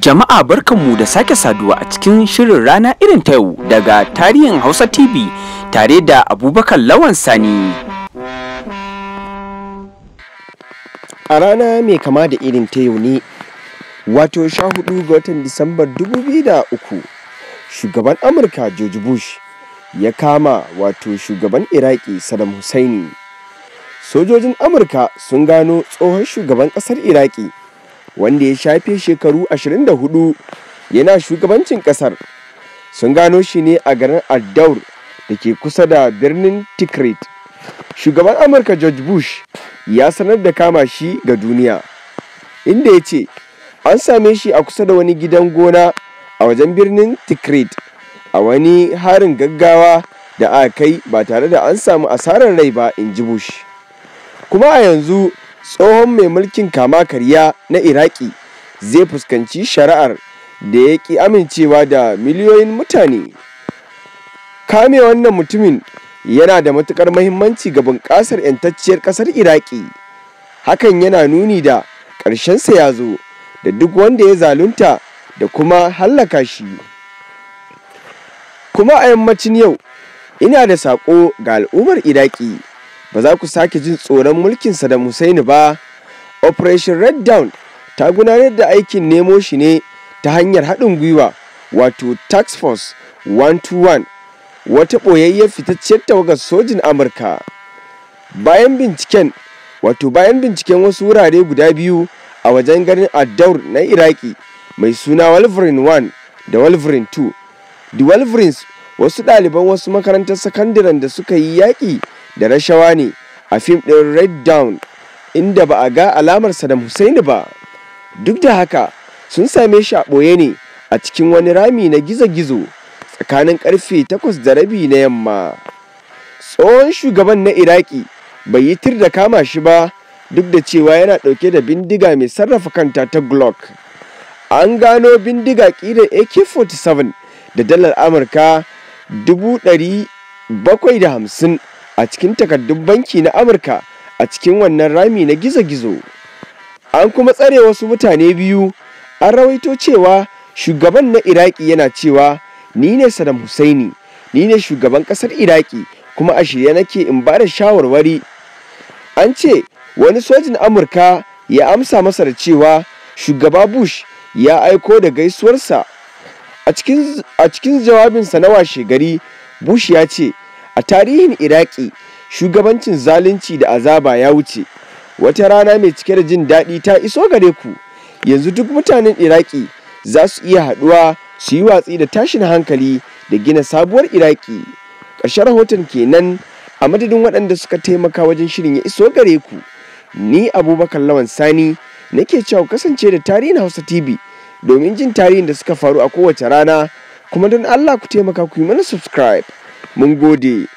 Jama'a barkanmu da sake saduwa a cikin shirin rana irin ta yau daga tarihin Hausa TV tare da Abubakar Lawan Sani. A rana mai kama da irin ta yau ne, wato sha hudu ga watan Disambar uku, shugaban Amurka George Bush ya kama wato shugaban Iraki Saddam Hussein. Sojojin Amurka sun gano tsohon shugaban ƙasar Iraki. wanda ya shafe shekaru 24 yana shugabancin kasar sun gano shi ne a garin addaur da ke kusa da birnin tikrit shugaban amurka george bush ya sanar da kama shi ga duniya inda ya ce an same shi a kusa da wani gidan gona a wajen birnin tikrit a wani harin gaggawa da aka kai ba tare da an samu asarar rai ba in ji bush kuma a yanzu tsohon mai mulkin kama karya na iraki zai fuskanci shari'ar da ya ƙi amincewa da miliyoyin mutane kame wannan mutumin yana da matuƙar mahimmanci ga bunƙasar 'yantacciyar ƙasar iraki hakan yana nuni da ƙarshensa ya zo da duk wanda ya zalunta da kuma hallaka shi kuma a yammacin yau ina da saƙo ga al'ummar iraki ba za ku sake jin tsoron mulkin Saddam Hussein ba. Operation Red Down ta gudanar da aikin nemo shi ne ta hanyar haɗin gwiwa wato Tax Force 121 wata ɓoyayyar fitacciyar tawagar sojin Amurka. Bayan binciken wato bayan binciken wasu wurare guda biyu a wajen garin Addaur na Iraki mai suna Wolverine 1 da Wolverine 2. The Wolverines wasu ɗaliban wasu makarantar sakandaren da suka yi yaƙi da rashawa ne a fim ɗin red down inda ba a ga alamar Saddam Hussein ba. Duk da haka sun same shi a ɓoye ne a cikin wani rami na gizo-gizo tsakanin karfe takwas da rabi na yamma. Tsohon shugaban na Iraki bai yi tir da kama shi ba duk da cewa yana ɗauke da bindiga mai sarrafa kanta ta Glock. An gano bindiga ƙirar AK-47 da dalar Amurka 750 a cikin takardun banki na amurka a cikin wannan rami na gizo-gizo an kuma tsare wasu mutane biyu an rawaito cewa shugaban na iraki yana cewa ni ne saddam husaini ni ne shugaban kasar iraki kuma a shirye nake in ba da shawarwari an ce wani sojin amurka ya amsa masa da cewa shugaba bush ya aiko da gaisuwarsa a cikin jawabinsa na washe gari bush ya ce A tarihin Iraki, shugabancin zalunci da azaba ya wuce. Wata rana mai cike da jin daɗi ta iso gare ku, yanzu duk mutanen Iraki za su iya haɗuwa su yi watsi da tashin hankali da gina sabuwar Iraki. Ƙarshen rahoton kenan a madadin waɗanda suka taimaka wajen shirin ya iso gare ku. Ni Abubakar Lawan Sani nake cewa kasance da tarihin Hausa TV domin jin tarihin da suka faru a kowace rana kuma don Allah ku taimaka ku yi mana subscribe. mun gode